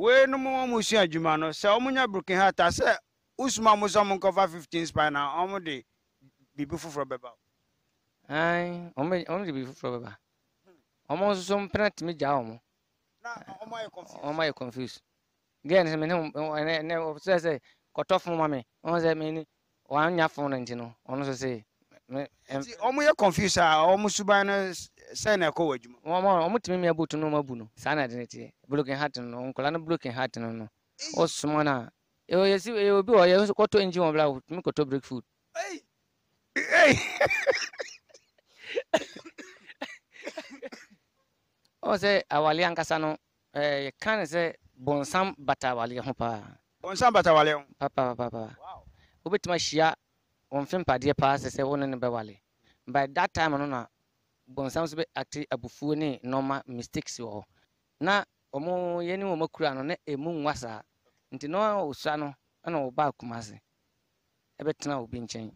wei no mu wɔn sua adwuma no sɛ wɔn nya broken heart sɛ usuma mo sɛ mo nkɔfa fifteen spine na wɔn de biribi foforɔ bɛba. ɛn wɔn de biribi foforɔ bɛba wɔn nso so mpena tumi gya wɔn. na wɔn ayɛ confuse. wɔn ayɛ confused gɛɛ ne sɛ ne ne sɛ sɛ kɔtɔ fun ma mi wɔn sɛ mi ni wɔn anya fun ne nti no wɔn nso sɛ. wɔn yɛ confused a wɔn suban no sɛn na ɛkɔ wɔ adwuma wɔn wɔn tumi mi abu tu no wɔn abu no saa na adeɛ teɛ broken heart no nkɔla no broken heart no no ɔsoma na ɛyɛ si ɛyɛ obi wɔ yɛ kɔtɔ engine wɔn bila tumi kɔtɔ break food. ɔn sɛ awale ankasa no ɛɛ eh, kan ne sɛ bɔnsam bata awale ho paa. bɔnsam bata awale ho. papa papa wobɛtumi ahyia wɔn fɛn padeɛ paa sɛ sɛ wɔn ne ne bɛ by that time no na. bɔnsam nso bɛate abufuo ne nɔɔma mistakes wɔ hɔ na ɔmo yɛn ne wɔn akura no na emu nwa saa nti na ɔsua no ɛna ɔba akoma ase ɛbɛtena obi nkyɛn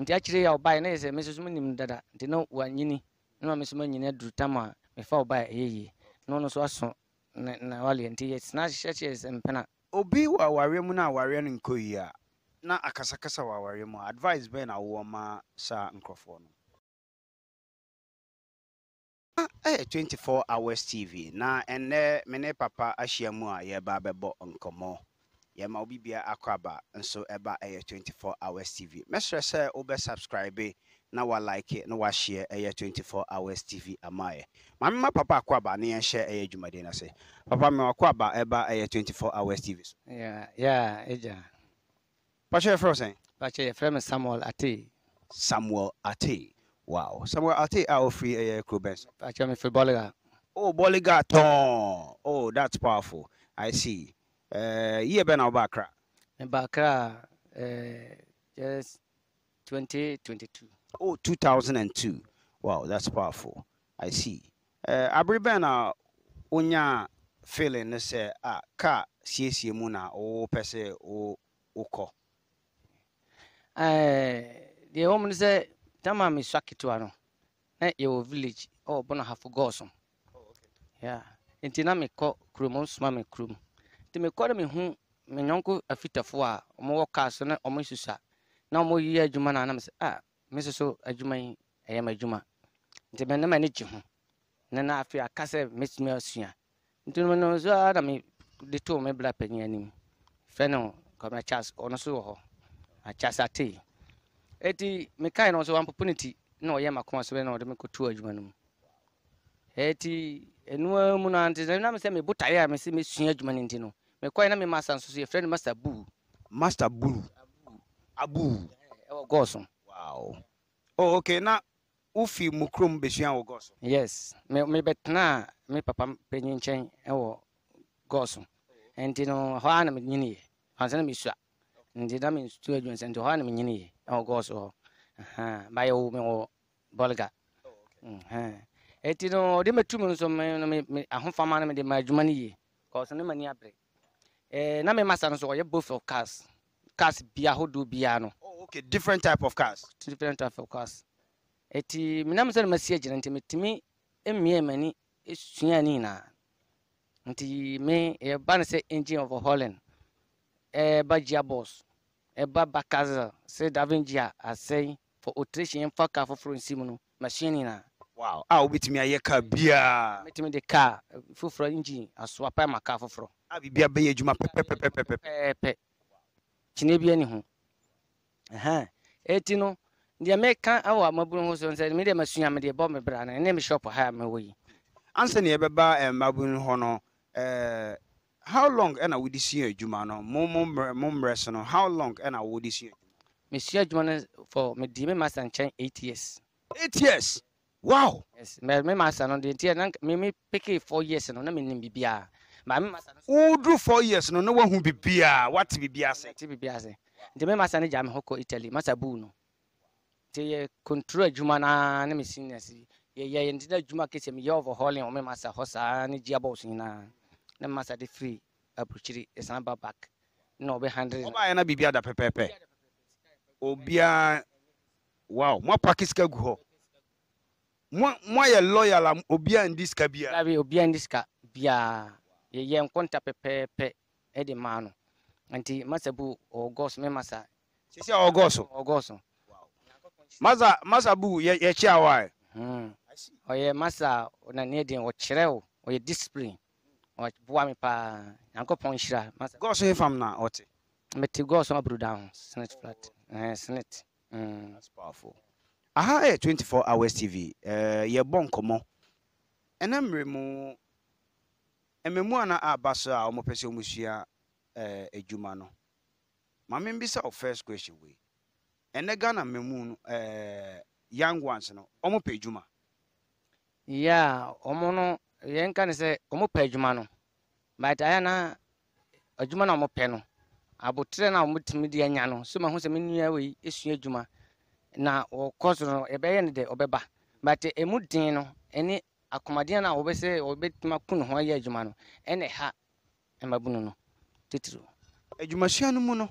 nti akyire yɛ ɔbaa yɛ na yɛ sɛ mesoso nim dada nti na wanyini na ma mesoso mo nyini aduru tam a mefa ɔbaa ɛyɛ yie na ɔno nso aso na na waleɛ nti yɛtena hyehyɛ sɛ mpena. obi wɔ awareɛ mu na awareɛ no nkɔ yie a na akasakasa wɔ awareɛ mu a advice bɛn na awɔ ma saa nkurɔfoɔ no. ɛyɛ 24 hours tv na ɛnɛ me ne papa ahyia mu a yɛba bɛbɔ nkɔmmɔ yɛma wobibia akɔ aba nso ɛba ɛyɛ 24 hours tv mɛserɛ sɛ wobɛ subscribe na walike na wahyɛ ɛyɛ 24 hours tv amaeɛ maame ma papa akɔ aba ne yɛnhyɛ ɛyɛ adwumaden no ase papa me wakɔ aba ɛba ɛyɛ 24 hours tv so yɛa pakyɛ yɛfrɛ wo sɛn pakyɛ yɛfrɛ me samuel ate samuel ate Wow. somewhere I'll take our free air crew bench. Actually, for Bolliga. Oh, Bolliga Oh, that's powerful. I see. Uh, yeah, Ben Bakra. Bakra, uh, yes, 2022. Oh, 2002. Wow, that's powerful. I see. Uh, Abri Ben, uh, Unya feeling, this, uh, ah, car, Muna, oh, per o oh, Uko. Uh, the woman said, time a mesua ketewa no na yɛwɔ village ɔwɔ bɔno hafo gɔɔso oh, yeah. nti na mekɔ kurom ɔnsoma me kurom nti mekɔ no mehu me nyɔnko afitafoɔ a ɔmowɔ kaa so ne ɔmo susua na ɔmo adwuma no anam sɛ ah me soso adwuma yi ɛyɛ ma adwuma nti me ma ne gye ho na na afei aka sɛ mɛtumi asua nti no no so ara na me de too me bra panyin anim fɛ no kɔmɛ charles ɔno so wɔ hɔ akyase atei eti mekae no so wampopo ne ti na ɔyɛ makoma so bɛ na ɔde me kɔto adwuma no mu eti ɛnoa mu no ante na me sɛ mebo tare a mesɛ mesua adwuma no nti no mekɔe na me masa nso so yɛfrɛ no master bu master bu abu ɛwɔ eh, eh, gɔɔso wow oh, okay na ufi mu kurom bɛsua wɔ gɔɔso yes me me, me papa panyin nkyɛn eh, ɛwɔ gɔɔso ɛnti no hɔ a na menyiniɛ ansa na mesua nti na adwuma sɛ nti hɔ a na menyini ɛwɔ gɔɔso hɔ mayɛ wo mewɔ bɔlga ɛti no ɔde mɛtu nso ahofama no mede ma adwuma no yie kɔɔso no mani abere na me no so ɔyɛ both of cars cars bia ahodoɔ biara no oh, okay different type of cars different type of cars ɛti menam sɛ no masi agyina nti metumi mmia m'ani sua ne nyinaa nti me yɛba no sɛ engine overhauling ɛba gearbox ɛba bakaza sɛ davingia asɛe for alteration ɛmfa kaa foforɔ nsi mu no machine nyinaa wow a wobɛtumi ayɛ kaa biaa mɛtumi de kaa eh, foforɔ engine asoa pa ma kaa foforɔ a biribia bɛyɛ adwuma pɛpɛpɛpɛpɛpɛ kyene bia ne ho ɛti no deɛ meka awɔ amabunu ho so sɛ medeɛ masua medeɛ bɔ me bra no ɛne me shop ha a mewɔ yi ansa ne yɛbɛba eh, mmabunu hɔ no eh, how long ɛna wodi si adwuma no mo mo mmerɛ mo mmerɛ so no how long ɛna wodi si adwuma. mesi adwuma no for me di me master nkyɛn eight years. eight years wow. yes mɛ me master no de nti yɛ me me peke four years no na me nim bibia maa me master no. wudu four years no na wahu bibia wate bibia se. wate bibia se nti me master no gya me hɔ kɔ italy master buu no nti yɛ control adwuma naa ne me seniors yɛ yɛ yɛ nti na adwuma kese mi yɛ overhauling wɔn me master hɔ saa ne gya bɔs nyinaa. na masa de firi aburukyiri ɛsan ba back na ɔbɛ hundred. ɔbaa yɛn na biribi ada pɛpɛɛpɛ obiara wow mo apaki sika gu hɔ mo mo ayɛ lawyer la obiara ndi sika biara. dabi obiara ndi sika biara yɛyɛ nkɔnta pɛpɛɛpɛ de maa no nti masa bu ɔgɔs mɛ masa. sisi ɔgɔs. ɔgɔs. masa masa bu yɛ yɛ kyi awa ɔyɛ hmm. masa na ne ɔkyerɛw ɔyɛ discipline. ɔboa me paa nyankopɔn nhyira gɔso fam na ɔte mete gɔso abroda ho senate flat eh, senate mm. That's powerful. aha ɛyɛ 24 hours tv eh, yɛbɔ nkɔmmɔ ɛna mmerɛ mu mmerɛ mu ana aba so a wɔmɔpɛ sɛ wɔmusua eh, adwuma eh, no ma membisa wo first question wei ɛnɛ ghana mmerɛ no eh, young ones no wɔmɔpɛ adwuma ya yeah, ɔmo no yɛn ka ne sɛ ɔmo pɛ adwuma no but ayɛ na adwuma na ɔmo no abotire na ɔmo tumi de anya no so ma ho sɛ me wei adwuma na ɔkɔ so no ɛbɛyɛ ne dɛ ɔbɛba but emu den no ɛne akomadeɛ a ɔbɛ sɛ ɔbɛtumi ako ne ho ayɛ adwuma no ɛna ha no titiri. adwumasua no mu no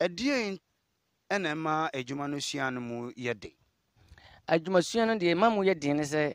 ɛna ɛma adwuma no sua no mu yɛ den. adwumasua no deɛ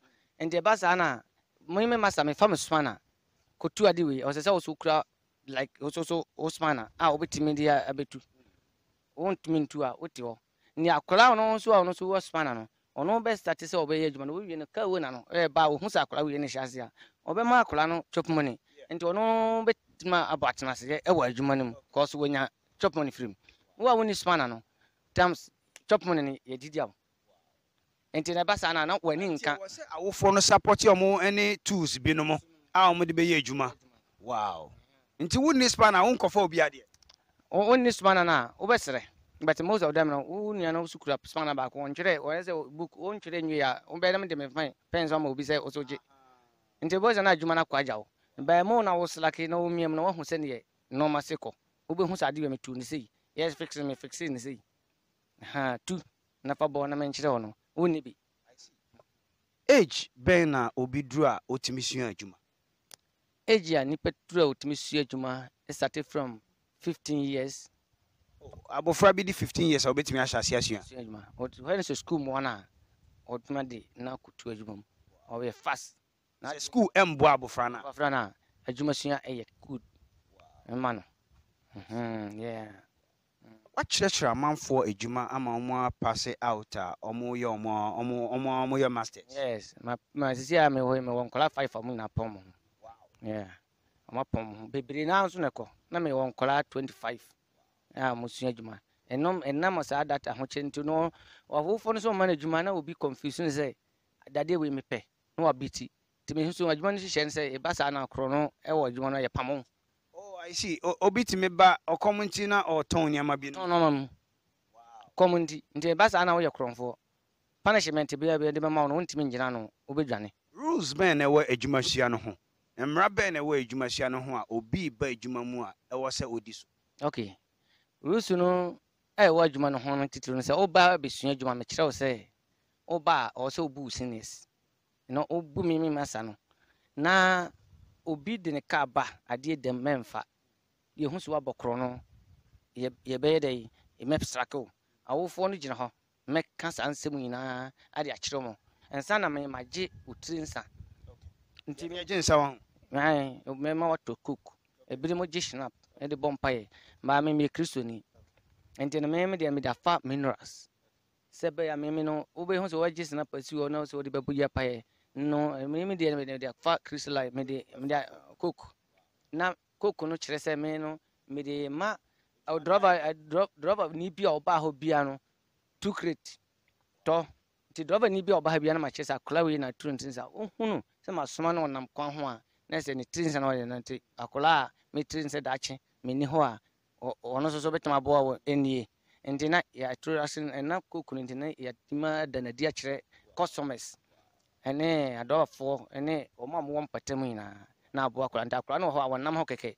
nti ɛba saa na mmemme masa mefa me sumana kotu ade wei ɔsɛ sɛ wɔso kura like wɔso so wosumana a ah, wɔbɛtumi de abɛtu wɔntumi ntu a wɔte hɔ ne akwaraa ɔno nso a ɔno nso wɔ sumana no ɔno bɛ start sɛ ɔbɛyɛ adwuma no wɔwie no kaa wo na no ɛyɛ eh, ba wɔhu sɛ akwaraa wie no hyɛ ase a ɔbɛma akwaraa no twɛp money nti ɔno bɛtumi abɔ atenaseɛ ɛwɔ adwuma no mu kɔɔ so wɔnya twɛp money firi mu wo a wɔne sumana no times twɛp money no yɛdidi awo nti na ɛba saa na na w'ani nka. wɔ sɛ awofoɔ no sapɔti ɔmo ne tools bi no mo a ɔmo de bɛyɛ adwuma wow nti wo ni spana wo nkɔfɔ obi adeɛ. wo ni spanner na wobɛsrɛ but most of them no wo nua no so kura spanner baako ɔntwerɛ ɔyɛ sɛ book ɔntwerɛ nwi a wobɛyɛ dɛm de me fɛn pɛn sɛ ɔma obi sɛ ɔsɔ gye nti bɔ sɛ na adwuma no akɔ agya wo bɛɛ mo na wo slake na wo miam na woahu sɛneɛ nɔɔma se kɔ wobɛhu sɛ adeɛ bɛ metu ne sei yɛs fixe me fixe ne sei ha tu nafa bɔ na menkyerɛ wɔ no wonni bi age bɛn na obi duru a otumi sua adwuma age a nipa duru a otumi sua adwuma started from fifteen years. Oh, abɔfra bi di fifteen years a obetumi ahyɛ ase asua. sua adwuma ɔtun hɛn sɛ school mu hɔn a ɔtuma de na kutu adwuma mu ɔyɛ fast. na school ɛmboa abɔfra na. abɔfra na adwuma sua ɛyɛ good ɛma no wakyerɛkyerɛ amanfoɔ adwuma ama wɔn apase out a wɔreyɛ wɔn a wɔyɛ masters. yes ma ma sisi a mewɔ yi mewɔ nkɔla five a wɔn nyinaa pɔn mo ho wɔn apɔn mo ho bebree naa nso na ɛkɔ na mewɔ nkɔla twenty five a wɔn sua adwuma ɛnam ɛnam saa data ho kyɛn nti no ɔfofoɔ no nso wɔn adwuma na obi confusion sɛ dadeɛ wei mepɛ na wabi ti tèmi nso adwuma no hyehyɛ no sɛ ɛba saa na korɔ no ɛwɔ adwuma no yɛ pamo. i see obi tumi ba ɔkɔm na ɔtɔn nneɛma bi no nneɛma mu kɔm nti na punishment bi bi de bɛma wo no rules na ɛwɔ adwumahyia no ho mmara bɛn na ɛwɔ adwumahyia no ho a obi ba adwuma mu a ɛwɔ so okay rules no a adwuma no ho no no adwuma wo o yɛhu sɛ woabɔ korɔ no yɛbɛyɛ dɛ mɛsrake wo awofoɔ no gyina hɔ mɛka saa nsɛm nyinaa ade akyerɛ mu ɛnsa na magye wo tiri nsa nti mɛgye nsa wɔ mɛma watɔ cook ebiri mo gye shinap ɛde bɔ mpaeɛ ma me meyɛ kristoni nti no meme deɛ mede afa minerals sɛ bɛyɛ meme no wobɛhu sɛ woagye sinap asi hɔ na sɛ wode bɛbɔ yɛ paeɛ no meme deɛ mede afa crystalline mede cook na koko no kyerɛ sɛ me no mede ma drɔba eh, ni bi a ɔbaa hɔ bia no two crate tɔ nti drɔba ni bi a ɔbaa hɔ bia no makyerɛ sɛ akɔla wei naturo nti sa ohunu sɛ masoma no ɔnam kwan ho a na sɛ ne tiri tirinsa na ɔyɛ nti akɔla a metiri tirinsa daakye me hɔ a ɔno nso so bɛtuma aboa wɔ nie nti na yɛaturo ase ɛna kokunu nti na yɛatuma danadi akyerɛ customers ɛne adɔbafoɔ ɛne wɔn a wɔwɔ mpata mu nyinaa na aboa akwadaa nti akwadaa no wɔ hɔ a wɔnam hɔ kɛkɛ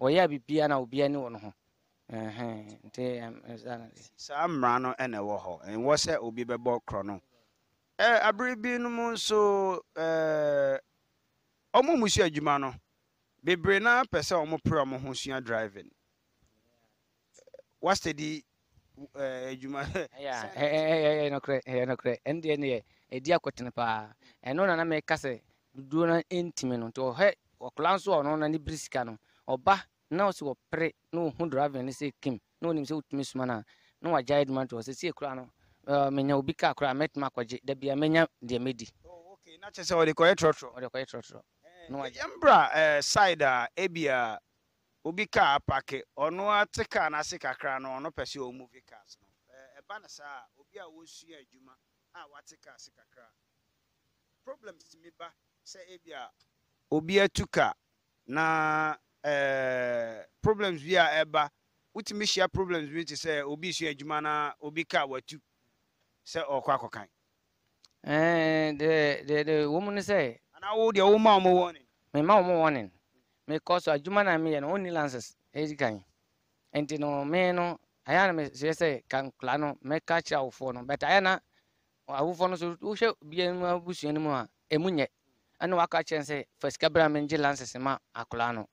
wɔyɛ a bibia na obia ne wɔ no ho saa mmara no ɛna ɛwɔ hɔ ɛwɔ sɛ obi bɛbɔ korɔ no abere bi no mu nso ɔmo mu sua adwuma no bebree na pɛ sɛ ɔmo pere ɔmo ho sua driving wastadi adwuma ɛyɛ nokorɛ ɛyɛ nokorɛ ɛno deɛ no yɛ ɛdi akɔtene paa ɛno na na meka sɛ dodoɔ no ɛntimi no nti ɔhɛ ɔkɔla nso a ɔno n'ani biri sika no ɔba na ɔsi ɔpere na ohu drava ne sɛ kim na onim sɛ otumi suma no a na wagya adwuma to ɔsɛ sie koraa no menya obi ka koraa mɛtumi akɔgye da bia mɛnya deɛ mɛdi oh, na kyerɛ sɛ ɔde kɔyɛ trɔtrɔ ɔde kɔyɛ trɔtrɔ eh, yɛmbra eh, side a ebia obi kaa apake ɔno ate kaa n'ase kakra no ɔno pɛ sɛ ɔmuvi cars no eh, ɛba ne saa obi a wɔsua adwuma a wate kaa se kakra problems mi ba sɛ ebia obi atu ka na ɛɛ eh, problems bi a ɛba wotumi hyia problems bi te sɛ obi sua adwuma na obi ka watu sɛ ɔkɔ akɔkan. ɛɛ eh, de de de wɔn ni sɛ. ana wo deɛ wo ma wɔn warning. mɛ ma wɔn warning mɛ kɔsɔ adwuma na mi yɛ no only lances edi kan nti no mɛ no ayɛ na mɛ sɛ sɛ kankura no mɛ ka awofoɔ no bɛtɛ a na awofoɔ no so wohwɛ bia mu abusua no mu a emu nyɛ. ɛna waka kyerɛ sɛ fa sika bra me ngye lances ma akoraa no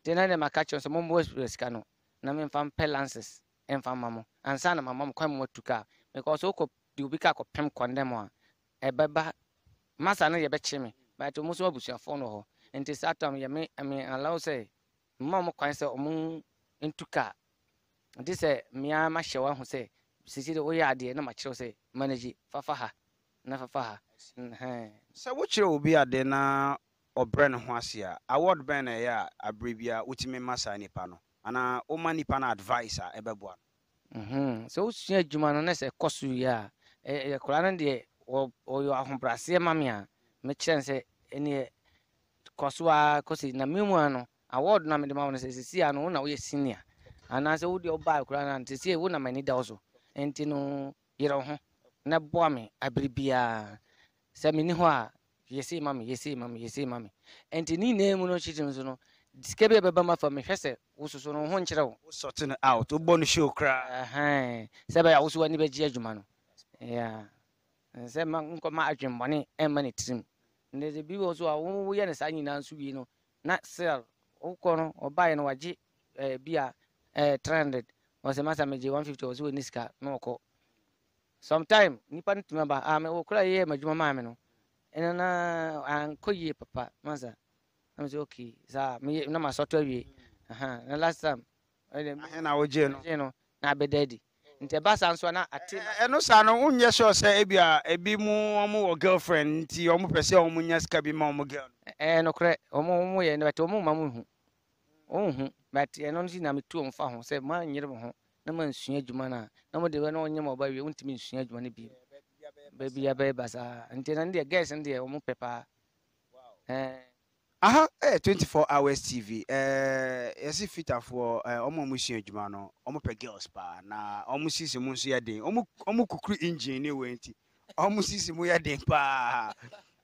nti na deɛ maka kyerɛ sɛ mommɔ sika no na memfa mpɛ lances e mfa ma mo ansa na mama mo kwan mo atu kaa because wokɔ de obi ka kɔpem kɔndɛm a ɛbɛba e masa no yɛbɛkye me but ɔmo nso abusuafoɔ no hɔ nti saa tam yɛme ɛme alaw sɛ mma mo kwan sɛ ɔmo ntu kaa nti sɛ mmea mahyɛ wo aho sɛ sisi de woyɛ adeɛ na makyerɛw sɛ manage fafa ha na fafa ha sɛ wokyerɛ obi ade na ɔbrɛ ne ho ase a award bɛn na ɛyɛ a aberɛ bi a wotumi ma saa nipa no anaa woma nipa no advice a ɛbɛboa no sɛ wosua adwuma no na sɛ ɛkɔ so wie a ɛkora no deɛ ɔyɛ ahobraseɛ ma me a mekyerɛ sɛ ɛneɛ kɔ so a kɔsi na me mu a no award na mede ma wo no sɛ sɛsi a no wo na woyɛ senior anaasɛ wodeɛ wobaa kora no a no wo na m'ani da wo so ɛnti no yerɛ wo ho na boa me abere biara sɛ ni hɔ a yɛsei ma me yɛsei ma me yɛsei ma me ɛnti ne nyinaa mu no kyikyiri nso no sika bi a bɛba ma fa mehwɛ sɛ wo soso no ho nkyerɛ wo wosɔte no out wobɔ no show koraa sɛ bɛyɛ a wo so w'ani bɛgye adwuma no ya sɛ ma nkɔma adwemmɔne ɛmma ne tirim ndɛ bi wɔ so a woyɛ ne saa nyinaa nso wie no na sel wokɔ no ɔbaeɛ no wagye bi a 300 ɔsɛ masa megye 150 ɔ sɛ ni sika na ɔkɔ sometime nipa ni tuma ba ame ah, wo kula ah, ye majuma mame no ena na an ye papa maza am say okay za me na ma soto wie mm. aha na last time ele na wo je no je no na be daddy nte ba san so na ate eno sa no unye sure se ebi a ebi mu omo wo girlfriend nti omo pese omo nya sika bi ma omo girl eh no kre omo omo ye ne bete omo ma mu hu ohun but eno nti na metu omfa ho se ma nyere ho na ma nsua adwuma no a na mo de bɛ na ɔnyɛ ma ɔba wie wontumi nsua adwuma no bio baabi a bɛyɛ ba saa nti na deɛ guys no deɛ ɔmo pɛ paa aha ɛyɛ twenty four hours tv ɛɛ yɛsi fitafoɔ ɛɛ ɔmo a ɔmo sua adwuma no ɔmo pɛ girls paa na ɔmo sisi mu nso yɛ den ɔmo ɔmo kukuru engine ne wɔ nti ɔmo sisi mu yɛ den paa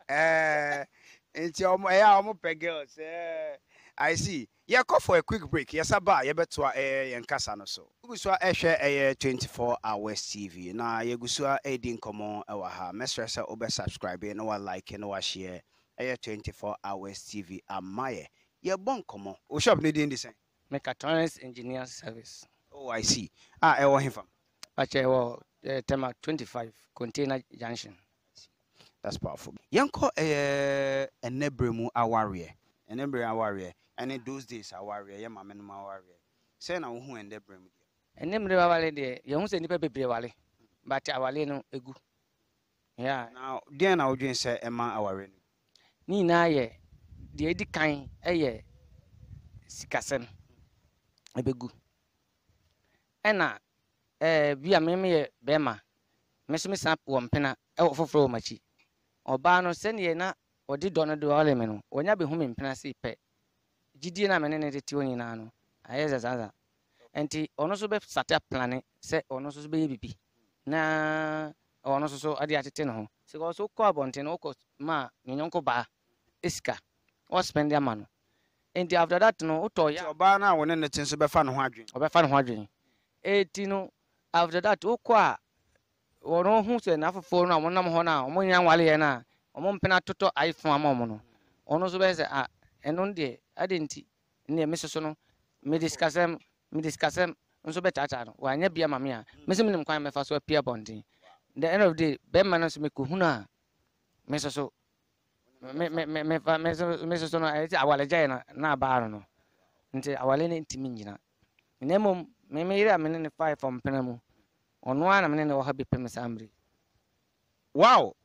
ɛɛ nti ɔmo ɛyɛ a ɔmo pɛ girls ɛɛ i see yɛkɔ for a quick break yɛsa ba a to ɛyɛ eh, yɛn kasa no so We so a ɛhwɛ ɛyɛ 24 hours tv na yɛgu so a Come on, ɛwɔ ha mɛsrɛ sɛ wobɛ subscribe like, no na wahyɛ ɛyɛ 24 hours tv Amaye. ama yɛ yɛbɔ nkɔmmɔ wo shop no din de sɛn mechatronics engineer service oh i see Ah, a ɛwɔ hefa akyɛ ɛwɔ uh, tema 25 container junction that's powerful yɛnkɔ eh, ɛyɛ a berɛ mu a warrior. A ɛnɛ a warrior. ɛne those days awareɛ yɛ maame no mu awareɛ sɛ na wohu ɛndɛ berɛ mu deɛ ɛne mmerɛ wawale deɛ yɛhu sɛ nnipa bebree wale but awale no ɛgu na deɛn na wodwen sɛ ɛma aware no ne nyinaa yɛ deɛ ɛdi kan ɛyɛ sikasɛm ɛbɛgu ɛna ɛɛ bi a mmɛmɛ yɛ bɛrima mmɛso mi wɔ mpena ɛwɔ foforɔ wɔ m'akyi ɔbaa no sɛnea na ɔde dɔ no do ɔlɛmɛ eh, no wɔnyɛ abɛhumi mpena si pɛ gyidie no a ne tete hɔ nyinaa no ayɛ sɛ saa saa nti ɔno nso bɛsate aplane sɛ ɔno nso na ɔno nso so ade atete ne ho sɛ so abɔnten no wokɔ ma nyɔnyɔnko baa wɔspɛnde ama no nti after that no wotɔ yɛ ɔbaa no a wo ne nso bɛfa ne ho ɔbɛfa ne ho eti no after that wokɔ a ho sɛ n'afoforɔ no a a nwale yɛ no a mpena ɛno deɛ ade nti nneɛ me soso no mede sikasɛm nso bɛtaataa no wanyɛ bia ma me a mm. me sɛ menim kwan mɛfa so apia bɔnten the end of the day bɛrima no nso mekɔhunu a me soso me soso no ɛte awalegyae no na abaa no no nti awale no ntimi nyina na mmom memeyere a mene ne fae fɔ mpena mu ɔno ara na mene ne wɔ ha bɛpem saa mmere wow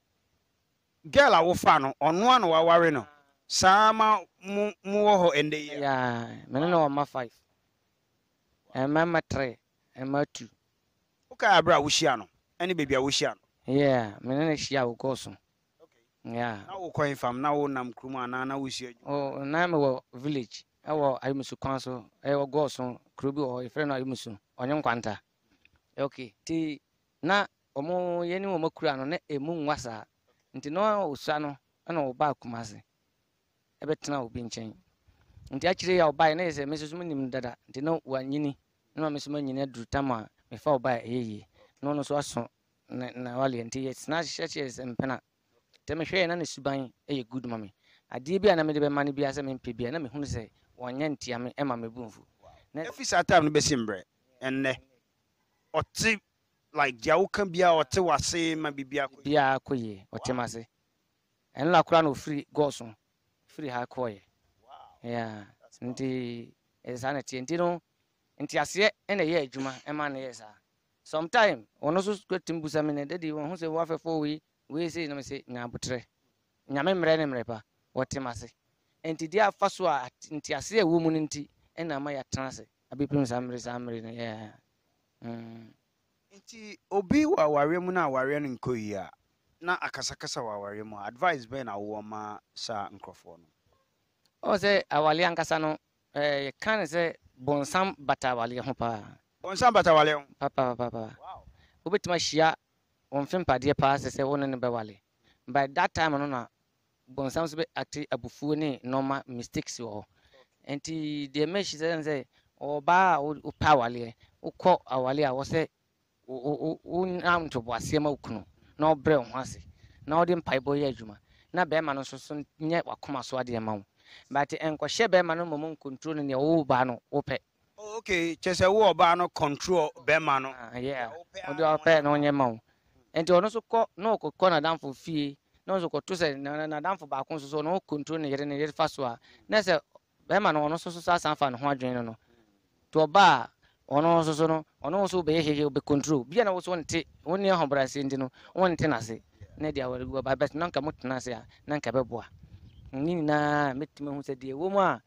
girl a wofa no ɔno a na waware no Saa mu wɔ hɔ ɛnɛ yi ya mene ne ɔma five ɛma ma tre ɛma two woka aberɛ a wohyia no ɛne baabi a wohyia no yeah mene ne hyia wo kɔɔ so na na na awụ na mewɔ village ɛwɔ e kwan so ɛwɔ e kuro bi yɛfrɛ no na ɔmo yɛne wɔn na emu nwa nti na ɔsua no ɛna ɔba ɛbɛtena obi nkyɛn nti akyire yɛ ɔbaeɛ na yɛ sɛ me soso nim dada nti na wanyini na ma me so manyini aduru tam a mefa ɔbaeɛ ɛyɛ yie na ɔno nso aso na na waleɛ nti yɛtena hyehyɛhyɛ sɛ mpena nti mehwɛ yɛ na ne suban ɛyɛ good ma me adeɛ bi a na mede bɛma no biara sɛ mempɛ bia na mehunu sɛ wɔnyɛ ntia me ɛma me bumfu ɛfi saa tam no bɛsi mbrɛ ɛnnɛ ɔte like deɛ woka biara ɔte wase ma biribiaa kɔ yie ɔte ma se ɛno la na ɔfiri gɔɔ firi ha kɔɔyɛ yeah. nti ɛsɛ saa na tie nti no ntiaseɛ ɛna ɛyɛ adwuma ma no yɛ saa sometime ɔno nso kɔtim busa me no dadi wɔn ho sɛ woafɛfo wei wei sei nom sɛ nyaabotrɛ nyame mmerɛ ne mmerɛ pa wɔtem ase nti deɛ afa so a ntiaseɛ ɛwɔ mu no nti ɛna ama yɛatena ase abɛpem saa mmere saa mmere no yɛ mm. nti obi wɔ awareɛ mu no awareɛ no nkɔ yi a na akasakasa wɔ aware mu a advice bɛn na wowɔ ma saa nkurɔfoɔ no ɔwɔ sɛ awale ankasa no eh, yɛka ne sɛ bɔnsam bata awaleɛ ho paa bɔnsam bata awaleɛ ho papapapa wobɛtumi ahyia wɔmfe mpadeɛ paa sɛ sɛ wo ne no bɛwale by that time no na bɔnsam so bɛ ate abufuo ne nɔma mistakes wɔ hɔ nti deɛ mɛhyi sɛ sɛ ɔbaa a wopɛ awaleɛ wokɔ awale a wɔ sɛ wonam ntoboaseɛ ma wo kunu na ɔbrɛ ho ase na ɔde mpaebɔ yɛ adwuma na bɛrima no nso so nyɛ wakoma so adeɛ ma wo but nkɔhyɛ bɛrima no mmom nkontrol no neɛ wowɔ baa no wopɛ ok kyɛ sɛ wo ɔbaa no control bɛrima no ah, ɔpɛ na wonyɛ ma wo nti ɔno kɔ na ɔkɔkɔ fie na kɔto baako nso so ɔno ne yere ne yere fa so a na sɛ ɔno nso so no ɔno nso bɛyɛ hwehwɛ bɛkɔntro bia na wo so wonte wonni ahobrɛase nti no wonte nase na de awareguaba bɛt na nka motena ase a na nka bɛboa ne nyinaa mɛtumi hu sɛ deɛ wɔ mu a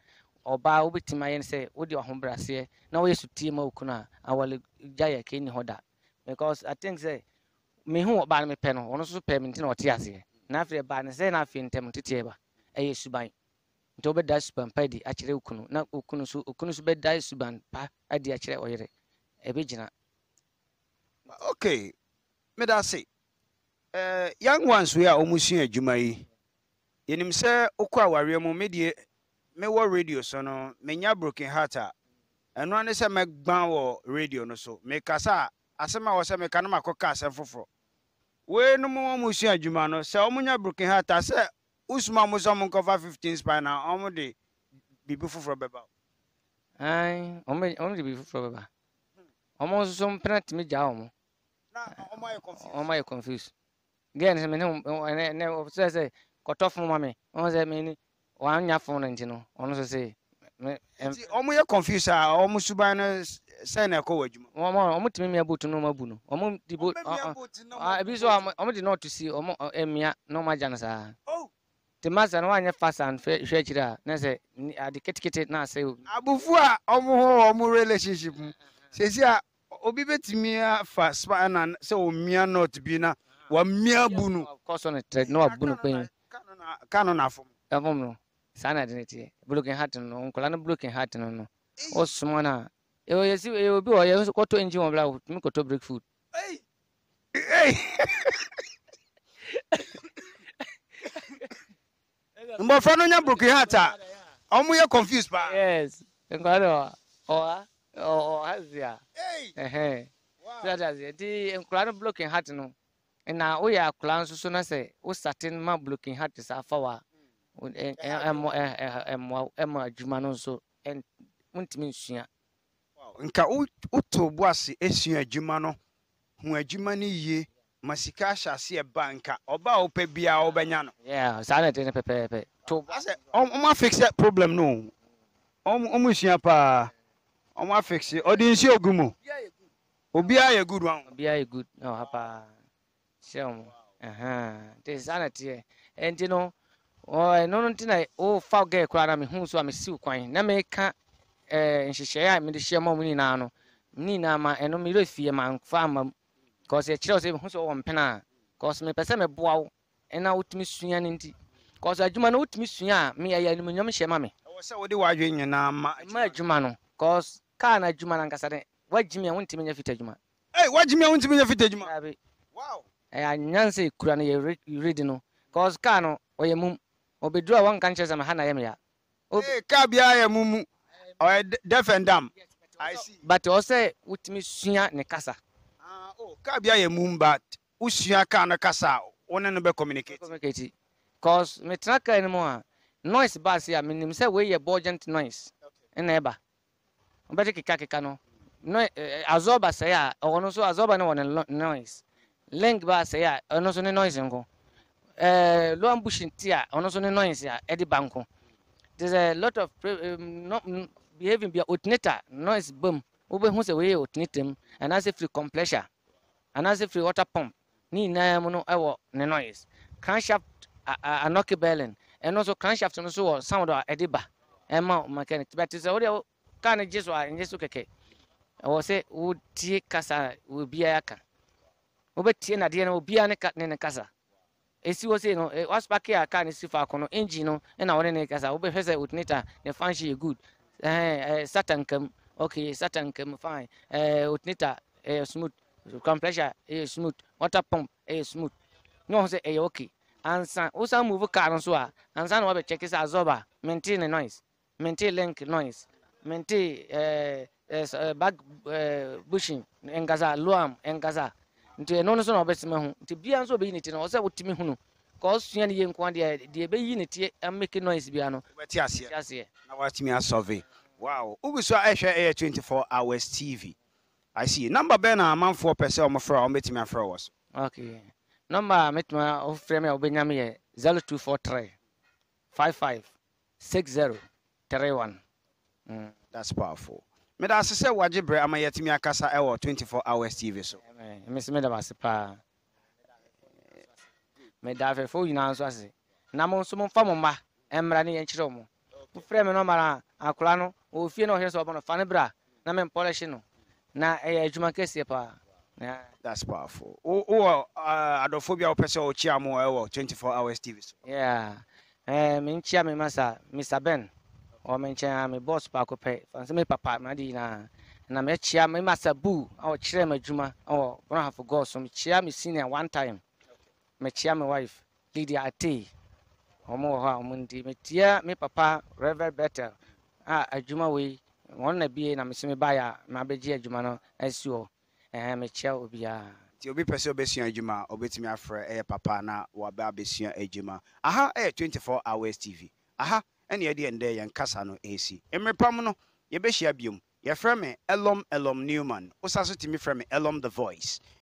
ɔbaa wobɛtumi ayɛ no sɛ wode ahobrɛaseɛ na woyɛ sotie ma wo a awale gya yɛ ka ɛnni hɔ da because i think sɛ mehu ɔbaa no mepɛ no ɔno nso so pɛ me nti na ɔte aseɛ na ɛbaa no sɛ na afei ntɛm teteɛ ba ɛyɛ suban nti wobɛda suban pa adi akyerɛ wo kunu na wo kunu so okunu so bɛda suban pa adi akyerɛ ɔyere ɛbɛgyina okay meda ase uh, young ones wei a ɔmusua adwuma yi yɛnim sɛ wokɔ awareɛ mu medeɛ mewɔ radio so no menya broken heart a ɛno ane sɛ mɛgban wɔ radio no so mekasa a asɛm a wɔ sɛ meka no makɔka asɛm foforɔ wei no mu ɔmusua adwuma no sɛ ɔmunya broken heart a sɛ usuma mo sɛ mo nkɔfa fifteen spy na ɔmo de biribi foforɔ bɛba ɛn ɔmo de biribi foforɔ bɛba ɔmo nso so mpena tumi gya ɔmo ɔmo ayɛ confuse gɛɛ ne sɛ mene ɛnɛ ɛnɛ sɛ sɛ kɔtɔ fun ma mi ɔmo sɛ mene wanya fun na nti no ɔno nso sɛ nti ɔmo yɛ confuse a ɔmo suban no sɛ na ɛkɔ wɔ adwuma ɔmo ɔmo tumi mia boot no ɔmo abu no ɔmo di boot ebi so ɔmo de nɔɔto si ɔmo ɛmia na ɔmo agya no saa te ma sɛ no wanyɛ fasa nhwɛ akyiri a na sɛ ade na asɛ obi abofo a ɔmo ho ɔmo relationship mu mm, mm, mm. sɛsi a obi bɛtumi afa spana sɛ ɔmmia not bi na ah. wammia bu no kɔ so no trɛ na wabu no panyi ka no nafom ɛfom no saa na ade ne teɛ broken heart no nkɔla no broken heart no no ɔsoma no a ɛwɔ yɛsi ɛyɛ obi wa yɛ kɔtɔ engine wɔ bla tumi kɔtɔ break food mmɔfra no nya broken heart a ɔmo yɛ confused paa. yes nkwa no ɔha ɔha zia ɛhɛn nti nkwa no broken heart no na woyɛ akwadaa nso so na sɛ wosate ma broken heart saa afa wa ɛmo ɛmo adwuma no nso e, ntumi nsua. nka woto bo ase esua adwuma no hu adwuma no yie. ma sika ahyɛ aseɛ banka ɔba a wopɛ biara wobɛnya no saa na ɛde no pɛpɛɛpɛ ah, asɛ ɔmo afixe problem no ɔmo sua paa ɔmo afixe ɔde nsuo ogu mu obiara yɛ good wan obiara yɛ good na ɔha paa hyɛ ɔmo nti saa na teɛ ɛnti no ɛno no nti na wofa gɛ koraa na mehu so a mesiw kwan na meka nhyehyɛeɛ a mede hyɛ ma mu nyinaa no ne nyinaa ma ɛno meyerɛ fie ma mfa ama mu kɔsi ɛkyerɛ sɛ ehu sɛ ɔwɔ mpena a kɔsi mepɛ sɛ meboa wo ɛna wotumi sua no nti kɔsi adwuma no wotumi sua a meyɛ yɛ animuonyam hyɛ ma me. sɛ wode w'adwene nyinaa ma. ma adwuma no kɔsi kaa na adwuma no ankasa dɛ wagyimi a wontumi nyɛ fita adwuma. wagyimi a wontumi nyɛ fita adwuma. ɛɛ anyansa ekura no no cause kaa no ɔyɛ mum obeduru a wɔnka nkyerɛ sɛ me ha na yɛ me ya. ee kaa biara ɔyɛ def but wotumi sua ne kasa. o kaa bi ayɛ mum but wosua kaa no kasa a wone no bɛ communicate cause metena kaa no mu a noise baa se a menim sɛ woeyɛ borgent noise ɛna ɛba wobɛte kekakeka no azɔba sɛe a ɔwɔ no eh, eh, so azɔba no wɔ ne noise link baa sɛe a ɔno so ne noise nko eh, loan bush nti a ɔno so ne noise a ɛde ba nko there's a lot of um, no, behaving bi a otinata noise bam wobɛhu sɛ woyɛ otinata mu anaasɛ firi complexure anaasɛ firi water pump ne nyinaa mu no wɔ ne noise crankshaft anɔke berlin ɛno nso crankshaft no nso wɔ sound a ɛde ba ɛma mechanic but sɛ wode kaa no gye so a ɛnyɛ so kɛkɛ ɛwɔ sɛ wotie kasa obiaa ka wobɛtie nadeɛ no obiaa ne ne kasa Esi hɔ sei no waspake a kaa no si faako no engine no ɛna wone ne kasa wobɛhwɛ sɛ otinita ne fanhye yɛ good satan kam okay satan kam fine otinita smooth Compressor ɛyɛ eh, smooth. Water pump ɛyɛ eh, smooth. no one say ɛyɛ eh, okay. Ansa wosan move car ah? no a ansa na wɔbɛkyɛke sɛ azɔba maintain the noise maintain link noise maintain ɛɛ back bushing nkasa low arm nkasa nti ɛno no nso na ɔbɛsima ho nti bia nso ɔbɛyi ne ti no ɔsɛ wotumi hu no ka ɔsua ne yie nko deɛ deɛ ɛbɛyi ne ti ameke noise bia no wɔbɛte aseɛ na wɔatumi survey wow wogu so a 24 hours tv I see. Number bɛn na amanfoɔ pɛ sɛ ɔmofrɛ a ɔmɛtumi afrɛ wɔ so. Okay. Number a mɛtumi afrɛ mi a ɔbɛnya mi yɛ zero two four three five five six zero three one. Mm. That's powerful. Meda ase sɛ wagye berɛ ama yɛtumi akasa ɛwɔ 24 hours TV so. Mesi meda ase paa. Meda afɛfoɔ nyinaa nso ase. Na mo nso momfa mo mma mmra ne yɛnkyerɛ mo. Mofrɛ me nɔmara a akora no ɔwɔ fie não ɔhwɛ sɛ ɔbɔ no fa ne bra na mempɔlɛhye na ɛyɛ adwuma kɛseɛ paa Yeah. That's powerful. Oh, oh uh, adophobia person or chiamo ɛwɔ 24 hours TV so. Yeah. Eh, me nkyia me masa, Mr. Ben. Ɔ me nkyɛn me boss paako pɛ. Fansi me papa ma di na. Na me kyia me masa bu, ɔ kyerɛ me adwuma, ɔ Brown for God so me kyia me senior one time. Me kyia me wife, Lydia Ate. Ɔmo wɔ hɔ a ɔmo ndi. Me tia me papa Reverend Better. Ah, adwuma We. wɔn na bie na mesɛ mebaeɛ a mabɛgye adwuma no asi hɔ mekyia obiaa nti obi pɛ sɛ ɔbɛsua adwuma a ɔbɛtumi afrɛ ɛyɛ papa na waba abɛsua adwuma aha ɛyɛ 24 hours tv aha ɛne yɛde yɛn dɛ yɛn kasa no ɛsi mmerepam no yɛbɛhyia biom yɛfrɛ me elom elom newman wosa so tumi frɛ me elom the voice